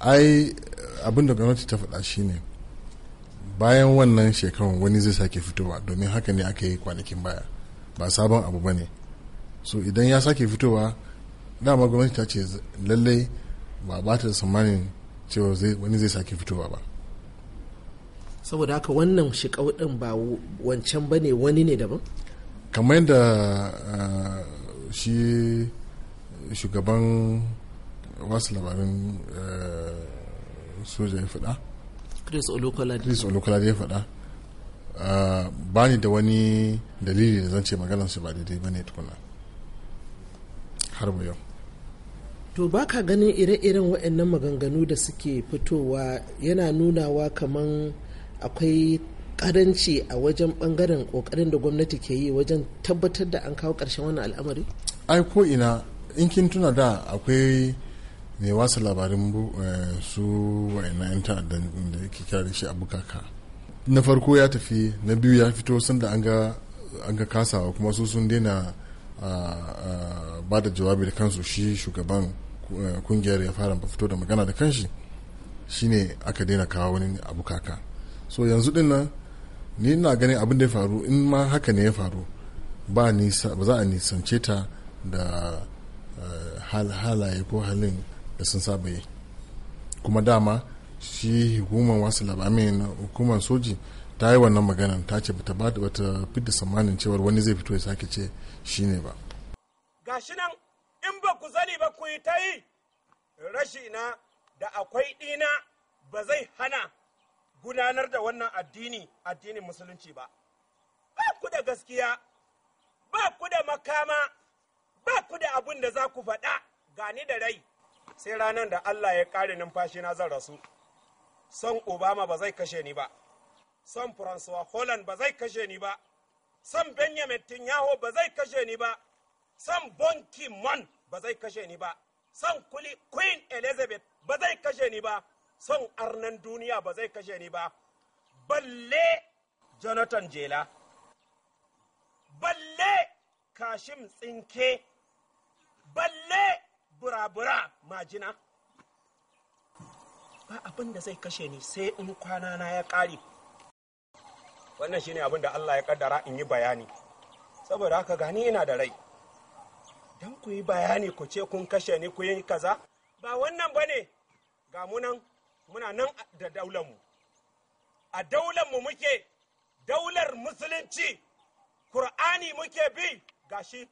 ai da gwamnati ta faɗa shine bayan wannan shekarun wani zai sake fitowa domin haka ne aka yi kwanakin baya ba sabon abu ba ne so idan ya sake fitowa dama gwamnati ta ce lallai ba ba ta tsammanin cewa wani zai sake fitowa ba saboda haka wannan shekau ba wancan ba ne wani ne daban kamar yadda eh, shi shugaban wasu labarin eh, soja ya faɗa chris olukolade chris ya faɗa ah, ba ni da wani dalili da zan ce maganarsu ba daidai ba ne tukuna har yau to ba ka ganin ire-iren waɗannan maganganu da suke fitowa yana nunawa kaman akwai karanci a wajen bangaren kokarin da gwamnati ke yi wajen tabbatar da an kawo ƙarshen wannan al'amari ai ko ina in kin tuna da akwai mai wasu labarin eh, su wa'ina 'yan ta'adda da yake kira da shi abukaka na farko ya tafi na biyu ya fito sun da an ga kasawa kuma su sun daina ba da jawabi da kansu shi shugaban eh, kungiyar ya fara fito da magana da kanshi shine aka daina kawo wani abukaka so yanzu din nan ni na ganin abin da ya faru in ma haka ne ya faru ba za a nisance ta da eh, halaye ko halin da sun saba yi kuma dama shi hukumar wasu labarai hukumar soji ta yi wannan maganan ta ce bata ba bata fidda tsammanin cewar wani zai fito ya sake ce shi ne ba gashi nan in ba ku sani ba ku yi ta yi rashi na da akwai ɗina ba zai hana gudanar da wannan addini addinin musulunci ba ba ku da gaskiya ba ku da makama ba ku da abin da za ku faɗa gani da rai sai ranar da Allah ya kare numfashi na zan rasu son obama ba zai kashe ni ba son francois holland ba zai kashe ni ba son benjamin tinyaho ba zai kashe ni ba son bonki mon ba zai kashe ni ba son queen elizabeth ba zai kashe ni ba son arnan duniya ba zai kashe ni ba balle jonathan jela balle kashim tsinke balle labura majina ba abin da zai kashe ni sai in kwana na ya kare. wannan shine abin da Allah ya kaddara in yi bayani saboda haka gani ina da rai don ku yi bayani ku ce kun kashe ni ku yi kaza ba wannan bane ne ga munan muna nan da daularmu a daularmu muke daular musulunci Kur'ani muke bi gashi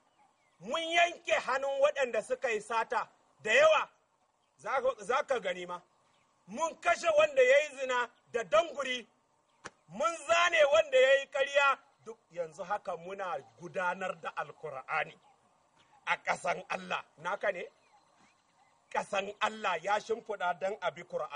mun yanke hannun waɗanda suka yi sata da yawa za ka gani ma mun kashe wanda ya yi zina da danguri mun zane wanda ya yi karya duk yanzu haka muna gudanar da alkur'ani a ƙasan allah naka ne ƙasan allah ya shimfiɗa don abi kur'ani